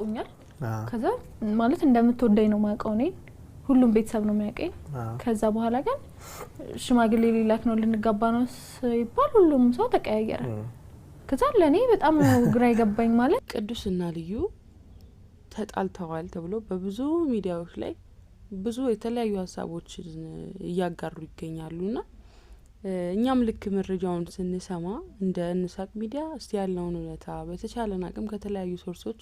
ቆኛል። ከዛ ማለት እንደምትወደኝ ነው ማውቀው ኔ ሁሉም ቤተሰብ ነው የሚያውቀኝ። ከዛ በኋላ ግን ሽማግሌ ሊላክ ነው ልንጋባ ነው ሲባል ሁሉም ሰው ተቀያየረ። ከዛ ለእኔ በጣም ግራ የገባኝ ማለት ቅዱስና ልዩ ተጣልተዋል ተብሎ በብዙ ሚዲያዎች ላይ ብዙ የተለያዩ ሀሳቦች እያጋሩ ይገኛሉና እኛም ልክ መረጃውን ስንሰማ እንደ እንሳቅ ሚዲያ እስቲ ያለውን እውነታ በተቻለን አቅም ከተለያዩ ሶርሶች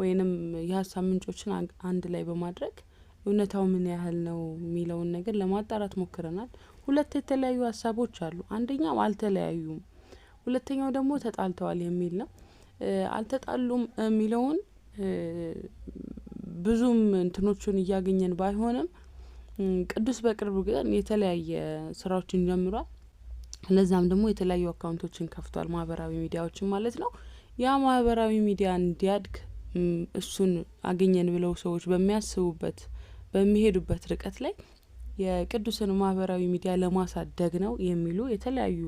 ወይንም የሀሳብ ምንጮችን አንድ ላይ በማድረግ እውነታው ምን ያህል ነው የሚለውን ነገር ለማጣራት ሞክረናል። ሁለት የተለያዩ ሀሳቦች አሉ አንደኛው አልተለያዩም ሁለተኛው ደግሞ ተጣልተዋል የሚል ነው። አልተጣሉም የሚለውን ብዙም እንትኖቹን እያገኘን ባይሆንም ቅዱስ በቅርብ ግን የተለያየ ስራዎችን ጀምሯል። ለዛም ደግሞ የተለያዩ አካውንቶችን ከፍቷል ማህበራዊ ሚዲያዎችን ማለት ነው። ያ ማህበራዊ ሚዲያ እንዲያድግ እሱን አገኘን ብለው ሰዎች በሚያስቡበት በሚሄዱበት ርቀት ላይ የቅዱስን ማህበራዊ ሚዲያ ለማሳደግ ነው የሚሉ የተለያዩ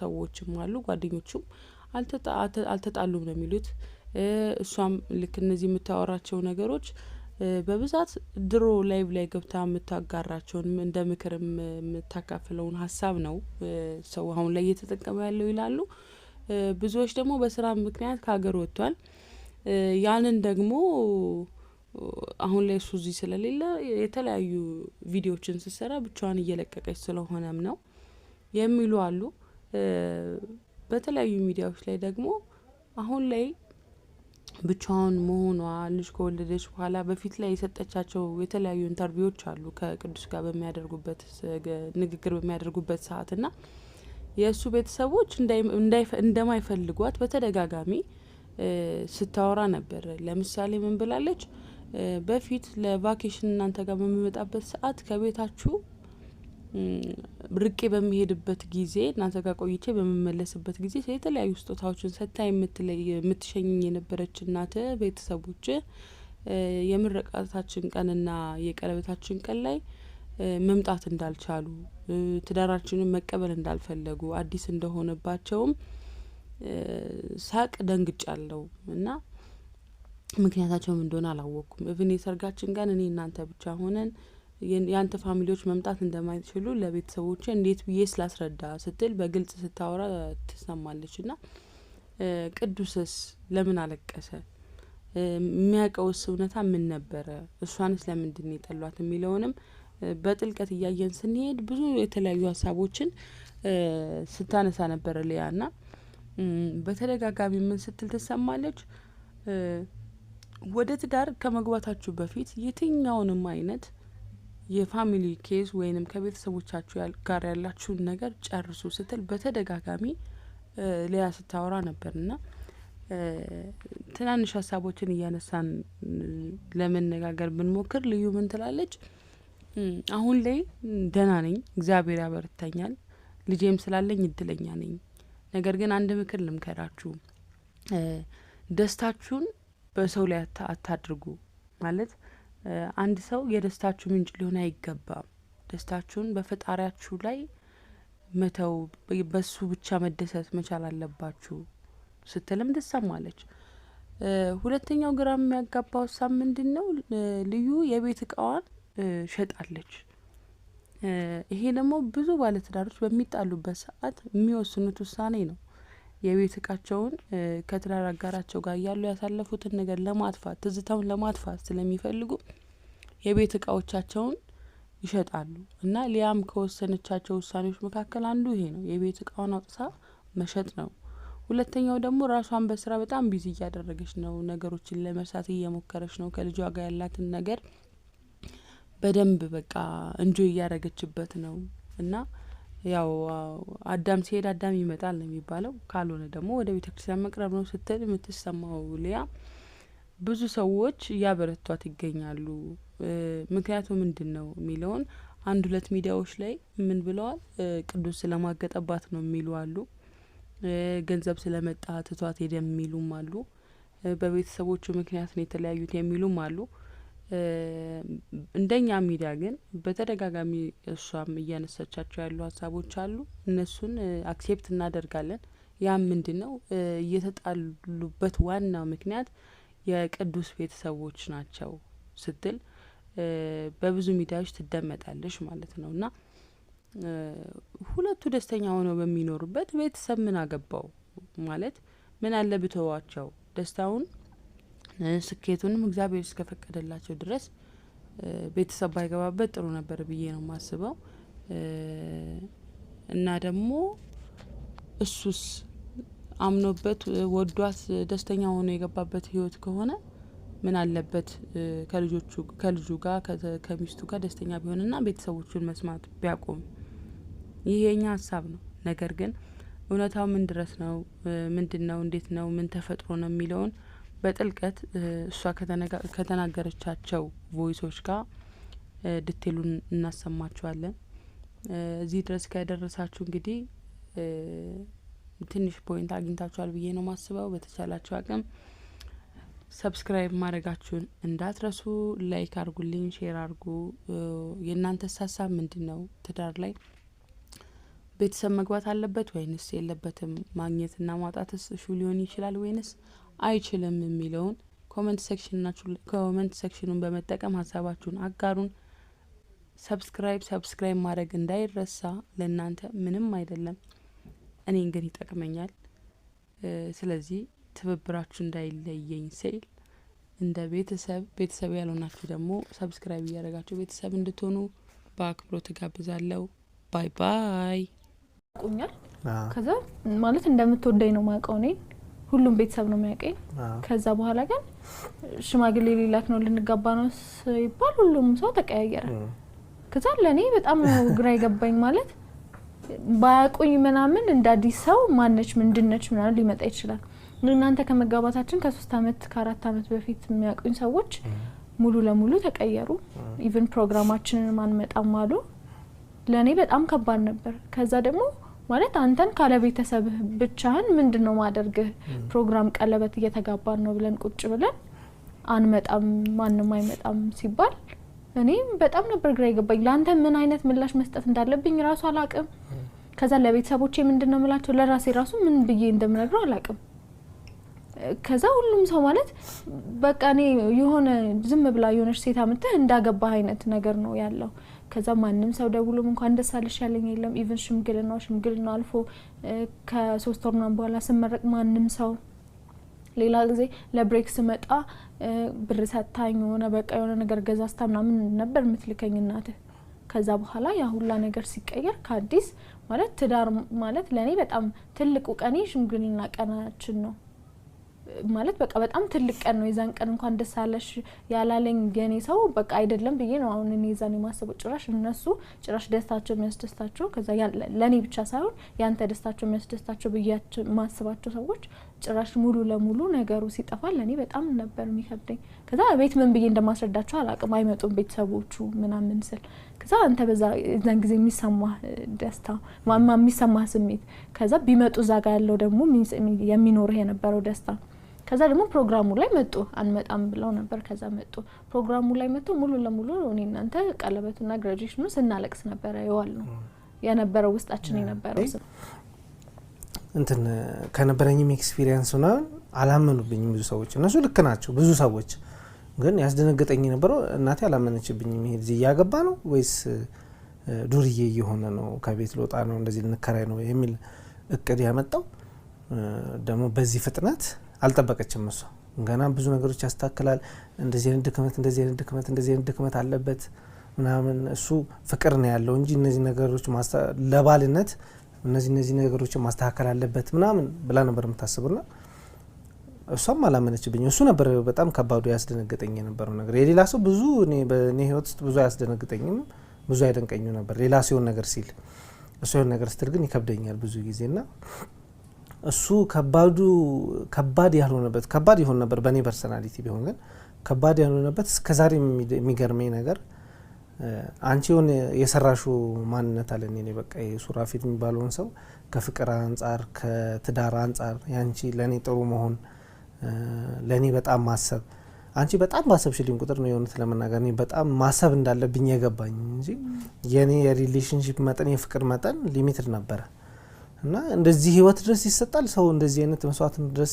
ሰዎችም አሉ። ጓደኞቹም አልተጣሉም ነው የሚሉት። እሷም ልክ እነዚህ የምታወራቸው ነገሮች በብዛት ድሮ ላይቭ ላይ ገብታ የምታጋራቸውን እንደ ምክር የምታካፍለውን ሀሳብ ነው ሰው አሁን ላይ እየተጠቀመ ያለው ይላሉ። ብዙዎች ደግሞ በስራ ምክንያት ከሀገር ወጥቷል። ያንን ደግሞ አሁን ላይ እሱ እዚህ ስለሌለ የተለያዩ ቪዲዮዎችን ስትሰራ ብቻዋን እየለቀቀች ስለሆነም ነው የሚሉ አሉ። በተለያዩ ሚዲያዎች ላይ ደግሞ አሁን ላይ ብቻዋን መሆኗ ልጅ ከወለደች በኋላ በፊት ላይ የሰጠቻቸው የተለያዩ ኢንተርቪዎች አሉ ከቅዱስ ጋር በሚያደርጉበት ንግግር በሚያደርጉበት ሰዓት እና የእሱ ቤተሰቦች እንደማይፈልጓት በተደጋጋሚ ስታወራ ነበር። ለምሳሌ ምን ብላለች? በፊት ለቫኬሽን እናንተ ጋር በምመጣበት ሰዓት ከቤታችሁ ርቄ በሚሄድበት ጊዜ እናንተ ጋር ቆይቼ በምመለስበት ጊዜ የተለያዩ ስጦታዎችን ሰታ የምትሸኝኝ የነበረች እናት ቤተሰቦች የምረቃታችን ቀንና የቀለበታችን ቀን ላይ መምጣት እንዳልቻሉ ትዳራችንን መቀበል እንዳልፈለጉ አዲስ እንደሆነባቸውም ሳቅ ደንግጫለው እና ምክንያታቸውም እንደሆነ አላወቅኩም። እብን የሰርጋችን ቀን እኔ እናንተ ብቻ ሆነን የአንተ ፋሚሊዎች መምጣት እንደማይችሉ ለቤተሰቦች እንዴት ብዬ ስላስረዳ ስትል በግልጽ ስታወራ ትሰማለች። እና ቅዱስስ ለምን አለቀሰ? የሚያውቀውስ እውነታ ምን ነበረ? እሷንስ ለምንድን የጠሏት? የሚለውንም በጥልቀት እያየን ስንሄድ ብዙ የተለያዩ ሀሳቦችን ስታነሳ ነበረ ሊያ ና በተደጋጋሚ ምን ስትል ትሰማለች? ወደ ትዳር ከመግባታችሁ በፊት የትኛውንም አይነት የፋሚሊ ኬዝ ወይንም ከቤተሰቦቻችሁ ጋር ያላችሁን ነገር ጨርሱ ስትል በተደጋጋሚ ሊያ ስታወራ እና ትናንሽ ሀሳቦችን እያነሳን ለመነጋገር ብንሞክር ልዩ ምን ትላለች? አሁን ላይ ደህና ነኝ፣ እግዚአብሔር ያበረታኛል፣ ልጄም ስላለኝ እድለኛ ነኝ ነገር ግን አንድ ምክር ልምከራችሁ፣ ደስታችሁን በሰው ላይ አታድርጉ። ማለት አንድ ሰው የደስታችሁ ምንጭ ሊሆን አይገባም። ደስታችሁን በፈጣሪያችሁ ላይ መተው፣ በሱ ብቻ መደሰት መቻል አለባችሁ ስትልም ደስ አለች። ሁለተኛው ግራ የሚያጋባ ሀሳብ ምንድን ነው? ልዩ የቤት እቃዋን ሸጣለች። ይሄ ደግሞ ብዙ ባለትዳሮች በሚጣሉበት ሰዓት የሚወስኑት ውሳኔ ነው። የቤት እቃቸውን ከትዳር አጋራቸው ጋር እያሉ ያሳለፉትን ነገር ለማጥፋት ትዝታውን ለማጥፋት ስለሚፈልጉ የቤት እቃዎቻቸውን ይሸጣሉ እና ሊያም ከወሰነቻቸው ውሳኔዎች መካከል አንዱ ይሄ ነው። የቤት እቃውን አውጥታ መሸጥ ነው። ሁለተኛው ደግሞ ራሷን በስራ በጣም ቢዚ እያደረገች ነው። ነገሮችን ለመርሳት እየሞከረች ነው። ከልጇ ጋር ያላትን ነገር በደንብ በቃ እንጆ እያደረገችበት ነው እና ያው አዳም ሲሄድ አዳም ይመጣል ነው የሚባለው። ካልሆነ ደግሞ ወደ ቤተ ክርስቲያን መቅረብ ነው ስትል የምትሰማው ሊያ ብዙ ሰዎች እያበረቷት ይገኛሉ። ምክንያቱ ምንድን ነው የሚለውን አንድ ሁለት ሚዲያዎች ላይ ምን ብለዋል? ቅዱስ ስለማገጠባት ነው የሚሉ አሉ። ገንዘብ ስለመጣ ትቷት ሄደ የሚሉም አሉ። በቤተሰቦቹ ምክንያት ነው የተለያዩት የሚሉም አሉ። እንደኛ ሚዲያ ግን በተደጋጋሚ እሷም እያነሳቻቸው ያሉ ሀሳቦች አሉ። እነሱን አክሴፕት እናደርጋለን። ያም ምንድን ነው እየተጣሉበት ዋና ምክንያት የቅዱስ ቤተሰቦች ናቸው ስትል በብዙ ሚዲያዎች ትደመጣለች ማለት ነው። እና ሁለቱ ደስተኛ ሆነው በሚኖሩበት ቤተሰብ ምን አገባው ማለት ምን አለ ብተዋቸው ደስታውን ስኬቱንም እግዚአብሔር እስከፈቀደላቸው ድረስ ቤተሰብ ባይገባበት ጥሩ ነበር ብዬ ነው የማስበው። እና ደግሞ እሱስ አምኖበት ወዷት ደስተኛ ሆኖ የገባበት ህይወት ከሆነ ምን አለበት ከልጆቹ ከልጁ ጋር ከሚስቱ ጋር ደስተኛ ቢሆንና ቤተሰቦቹን መስማት ቢያቆም። ይህ የኛ ሀሳብ ነው። ነገር ግን እውነታው ምን ድረስ ነው? ምንድን ነው? እንዴት ነው? ምን ተፈጥሮ ነው የሚለውን በጥልቀት እሷ ከተናገረቻቸው ቮይሶች ጋር ድቴሉን እናሰማችኋለን። እዚህ ድረስ ከደረሳችሁ እንግዲህ ትንሽ ፖይንት አግኝታችኋል ብዬ ነው ማስበው። በተቻላችሁ አቅም ሰብስክራይብ ማድረጋችሁን እንዳትረሱ። ላይክ አርጉልኝ፣ ሼር አርጉ። የእናንተ ሳሳ ምንድን ነው? ትዳር ላይ ቤተሰብ መግባት አለበት ወይንስ የለበትም? ማግኘትና ማውጣትስ እሹ ሊሆን ይችላል ወይንስ አይችልም የሚለውን ኮመንት ኮመንት ሴክሽኑን በመጠቀም ሀሳባችሁን አጋሩን። ሰብስክራይብ ሰብስክራይብ ማድረግ እንዳይረሳ። ለእናንተ ምንም አይደለም፣ እኔን ግን ይጠቅመኛል። ስለዚህ ትብብራችሁ እንዳይለየኝ ስል እንደ ቤተሰብ ቤተሰብ ያልሆናችሁ ደግሞ ሰብስክራይብ እያደረጋችሁ ቤተሰብ እንድትሆኑ በአክብሮት ጋብዛለሁ። ባይ ባይ። ቁኛል ከዛ ማለት እንደምትወደኝ ነው ማውቀው እኔ ሁሉም ቤተሰብ ነው የሚያውቀኝ። ከዛ በኋላ ግን ሽማግሌ ሊላክ ነው ልንጋባ ነው ሲባል ሁሉም ሰው ተቀያየረ። ከዛ ለእኔ በጣም ግራ የገባኝ ማለት ባያቁኝ ምናምን እንደ አዲስ ሰው ማነች ምንድነች ምናምን ሊመጣ ይችላል። እናንተ ከመጋባታችን ከሶስት አመት ከአራት አመት በፊት የሚያውቁኝ ሰዎች ሙሉ ለሙሉ ተቀየሩ። ኢቨን ፕሮግራማችንን ማንመጣም አሉ። ለእኔ በጣም ከባድ ነበር። ከዛ ደግሞ ማለት አንተን ካለ ቤተሰብህ ብቻህን ምንድን ነው ማደርግህ? ፕሮግራም ቀለበት እየተጋባን ነው ብለን ቁጭ ብለን አንመጣም፣ ማንም አይመጣም ሲባል እኔም በጣም ነበር ግራ የገባኝ። ለአንተ ምን አይነት ምላሽ መስጠት እንዳለብኝ ራሱ አላቅም። ከዛ ለቤተሰቦቼ ምንድን ነው ምላቸው፣ ለራሴ ራሱ ምን ብዬ እንደምነግረው አላቅም። ከዛ ሁሉም ሰው ማለት በቃ እኔ የሆነ ዝም ብላ የሆነች ሴት አምጥተህ እንዳገባህ አይነት ነገር ነው ያለው። ከዛ ማንም ሰው ደውሎም እንኳን ደስ አለሽ ያለኝ የለም። ኢቨን ሽምግልና ሽምግልና አልፎ ከሶስት ወር ምናምን በኋላ ስመረቅ ማንም ሰው ሌላ ጊዜ ለብሬክ ስመጣ ብር ሰታኝ የሆነ በቃ የሆነ ነገር ገዛ ስታ ምናምን ነበር ምትልከኝ እናትህ። ከዛ በኋላ ያ ሁላ ነገር ሲቀየር ከአዲስ ማለት ትዳር ማለት ለእኔ በጣም ትልቁ ቀኔ ሽምግልና ቀናችን ነው። ማለት በቃ በጣም ትልቅ ቀን ነው። የዛን ቀን እንኳን ደስ አለሽ ያላለኝ የኔ ሰው በቃ አይደለም ብዬ ነው አሁን እኔ የዛን የማስበው። ጭራሽ እነሱ ጭራሽ ደስታቸው የሚያስደስታቸው ከዛ ለእኔ ብቻ ሳይሆን ያንተ ደስታቸው የሚያስደስታቸው ብያቸው የማስባቸው ሰዎች ጭራሽ ሙሉ ለሙሉ ነገሩ ሲጠፋ ለእኔ በጣም ነበር የሚከብደኝ። ከዛ ቤት ምን ብዬ እንደማስረዳቸው አላቅም። አይመጡም ቤተሰቦቹ ምናምን ስል ከዛ አንተ በዛ ዛን ጊዜ የሚሰማ ደስታ የሚሰማ ስሜት ከዛ ቢመጡ እዛ ጋር ያለው ደግሞ የሚኖርህ የነበረው ደስታ ከዛ ደግሞ ፕሮግራሙ ላይ መጡ። አንመጣም ብለው ነበር። ከዛ መጡ። ፕሮግራሙ ላይ መጡ። ሙሉ ለሙሉ እኔ እናንተ ቀለበቱና ግራጁዌሽኑ ስናለቅስ ነበረ የዋል ነው የነበረው ውስጣችን የነበረው እንትን ከነበረኝም ኤክስፒሪየንስ ሆና አላመኑብኝም ብዙ ሰዎች። እነሱ ልክ ናቸው ብዙ ሰዎች ግን ያስደነገጠኝ የነበረው እናቴ አላመነችብኝ። ይሄ ልጅ እያገባ ነው ወይስ ዱርዬ እየሆነ ነው፣ ከቤት ልወጣ ነው፣ እንደዚህ ልንከራይ ነው የሚል እቅድ ያመጣው ደግሞ በዚህ ፍጥነት አልጠበቀችም። እሷ ገና ብዙ ነገሮች ያስተካክላል። እንደዚህ አይነት ድክመት እንደዚህ አይነት ድክመት እንደዚህ አይነት ድክመት አለበት ምናምን እሱ ፍቅር ነው ያለው እንጂ እነዚህ ነገሮች ለባልነት እነዚህ እነዚህ ነገሮችን ማስተካከል አለበት ምናምን ብላ ነበር የምታስቡና እሷም አላመነችብኝ። እሱ ነበር በጣም ከባዱ ያስደነገጠኝ የነበረው ነገር። የሌላ ሰው ብዙ በእኔ ህይወት ውስጥ ብዙ አያስደነግጠኝም፣ ብዙ አይደንቀኝም ነበር ሌላ ሲሆን ነገር ሲል፣ እሱ የሆነ ነገር ስትል ግን ይከብደኛል ብዙ ጊዜና እሱ ከባዱ ከባድ ያልሆነበት ከባድ ይሆን ነበር በእኔ ፐርሰናሊቲ ቢሆን ግን ከባድ ያልሆነበት እስከ ዛሬ የሚገርመኝ ነገር አንቺ የሆነ የሰራሹ ማንነት አለ እኔ በቃ ሱራፊት የሚባለውን ሰው ከፍቅር አንጻር ከትዳር አንጻር ያንቺ ለእኔ ጥሩ መሆን ለእኔ በጣም ማሰብ አንቺ በጣም ሽልኝ ቁጥር ነው የሆነት ለመናገር እኔ በጣም ማሰብ እንዳለብኝ የገባኝ እንጂ የእኔ የሪሌሽንሽፕ መጠን የፍቅር መጠን ሊሚትድ ነበረ እና እንደዚህ ህይወት ድረስ ይሰጣል ሰው እንደዚህ አይነት መስዋዕት ድረስ